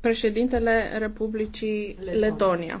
președintele Republicii Letonia.